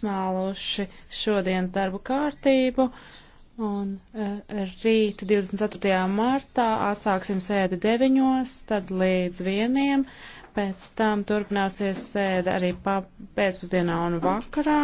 atcmāluši šodienas darbu kārtību. Un e, rīt 24. martā atsāksim sēdi 9, tad līdz 1, pēc tam turpināsies sēde arī pēcpusdienā un vakarā.